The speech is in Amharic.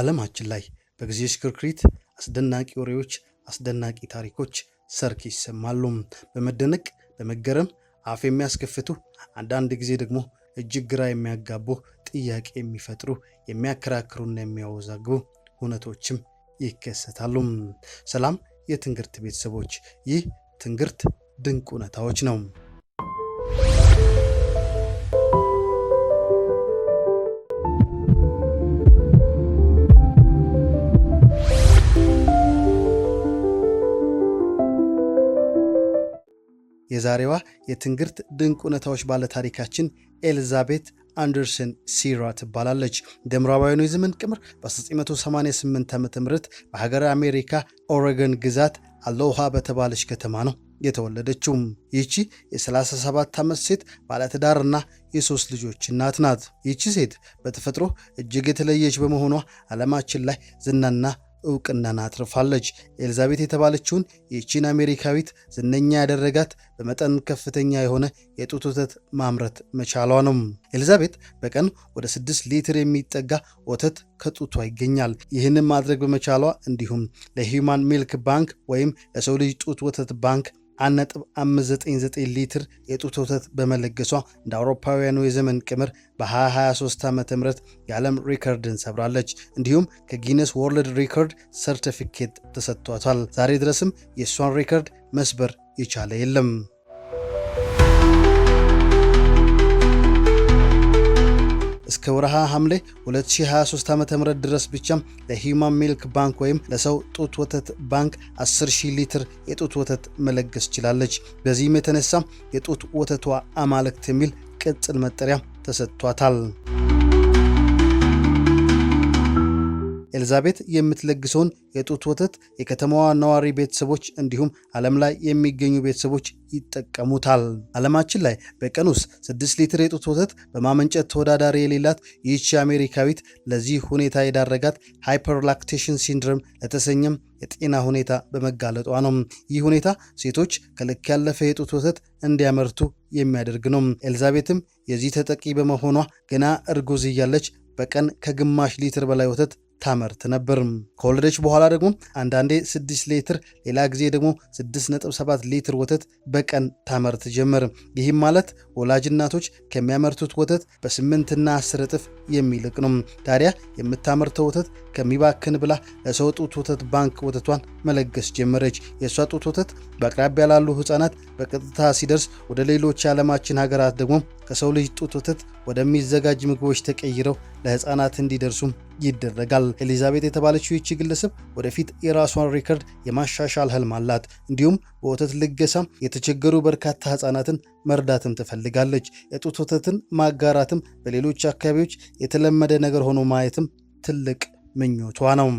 ዓለማችን ላይ በጊዜ ሽክርክሪት አስደናቂ ወሬዎች፣ አስደናቂ ታሪኮች ሰርክ ይሰማሉ። በመደነቅ በመገረም አፍ የሚያስከፍቱ አንዳንድ ጊዜ ደግሞ እጅግ ግራ የሚያጋቡ ጥያቄ የሚፈጥሩ የሚያከራክሩና የሚያወዛግቡ ሁነቶችም ይከሰታሉ። ሰላም የትንግርት ቤተሰቦች፣ ይህ ትንግርት ድንቅ እውነታዎች ነው። የዛሬዋ የትንግርት ድንቅ እውነታዎች ባለታሪካችን ኤልዛቤት አንደርሰን ሲራ ትባላለች። የዘመን ቅምር በ1988 ዓ ም በሀገር አሜሪካ ኦሬገን ግዛት አሎሃ በተባለች ከተማ ነው የተወለደችውም። ይቺ የ37 ዓመት ሴት ባለትዳርና የሶስት ልጆች እናት ናት። ይቺ ሴት በተፈጥሮ እጅግ የተለየች በመሆኗ ዓለማችን ላይ ዝናና እውቅናን አትርፋለች። ኤልዛቤት የተባለችውን የቺን አሜሪካዊት ዝነኛ ያደረጋት በመጠን ከፍተኛ የሆነ የጡት ወተት ማምረት መቻሏ ነው። ኤልዛቤት በቀን ወደ 6 ሊትር የሚጠጋ ወተት ከጡቷ ይገኛል። ይህንን ማድረግ በመቻሏ እንዲሁም ለሂዩማን ሚልክ ባንክ ወይም ለሰው ልጅ ጡት ወተት ባንክ 1.599 ሊትር የጡት ወተት በመለገሷ እንደ አውሮፓውያኑ የዘመን ቅምር በ2023 ዓ ም የዓለም ሪከርድን ሰብራለች። እንዲሁም ከጊነስ ወርልድ ሪከርድ ሰርቲፊኬት ተሰጥቷታል። ዛሬ ድረስም የእሷን ሪከርድ መስበር የቻለ የለም። እስከ ወርሃ ሐምሌ 2023 ዓ.ም ድረስ ብቻ ለሂማን ሚልክ ባንክ ወይም ለሰው ጡት ወተት ባንክ 10000 ሊትር የጡት ወተት መለገስ ችላለች። በዚህም የተነሳ የጡት ወተቷ አማልክት የሚል ቅጽል መጠሪያ ተሰጥቷታል። ኤልዛቤት የምትለግሰውን የጡት ወተት የከተማዋ ነዋሪ ቤተሰቦች እንዲሁም ዓለም ላይ የሚገኙ ቤተሰቦች ይጠቀሙታል። ዓለማችን ላይ በቀን ውስጥ 6 ሊትር የጡት ወተት በማመንጨት ተወዳዳሪ የሌላት ይህቺ አሜሪካዊት ለዚህ ሁኔታ የዳረጋት ሃይፐርላክቴሽን ሲንድሮም ለተሰኘም የጤና ሁኔታ በመጋለጧ ነው። ይህ ሁኔታ ሴቶች ከልክ ያለፈ የጡት ወተት እንዲያመርቱ የሚያደርግ ነው። ኤልዛቤትም የዚህ ተጠቂ በመሆኗ ገና እርጉዝ እያለች በቀን ከግማሽ ሊትር በላይ ወተት ታመርት ነበር። ከወለደች በኋላ ደግሞ አንዳንዴ 6 ሊትር ሌላ ጊዜ ደግሞ 6.7 ሊትር ወተት በቀን ታመርት ጀመር። ይህም ማለት ወላጅ እናቶች ከሚያመርቱት ወተት በ8ና 10 እጥፍ የሚልቅ ነው። ታዲያ የምታመርተው ወተት ከሚባክን ብላ ለሰው ጡት ወተት ባንክ ወተቷን መለገስ ጀመረች። የእሷ ጡት ወተት በአቅራቢያ ላሉ ህፃናት በቀጥታ ሲደርስ ወደ ሌሎች የዓለማችን ሀገራት ደግሞ ከሰው ልጅ ጡት ወተት ወደሚዘጋጅ ምግቦች ተቀይረው ለህፃናት እንዲደርሱም ይደረጋል። ኤሊዛቤት የተባለችው ይቺ ግለሰብ ወደፊት የራሷን ሪከርድ የማሻሻል ህልም አላት። እንዲሁም በወተት ልገሳ የተቸገሩ በርካታ ህፃናትን መርዳትም ትፈልጋለች። የጡት ወተትን ማጋራትም በሌሎች አካባቢዎች የተለመደ ነገር ሆኖ ማየትም ትልቅ ምኞቷ ነው።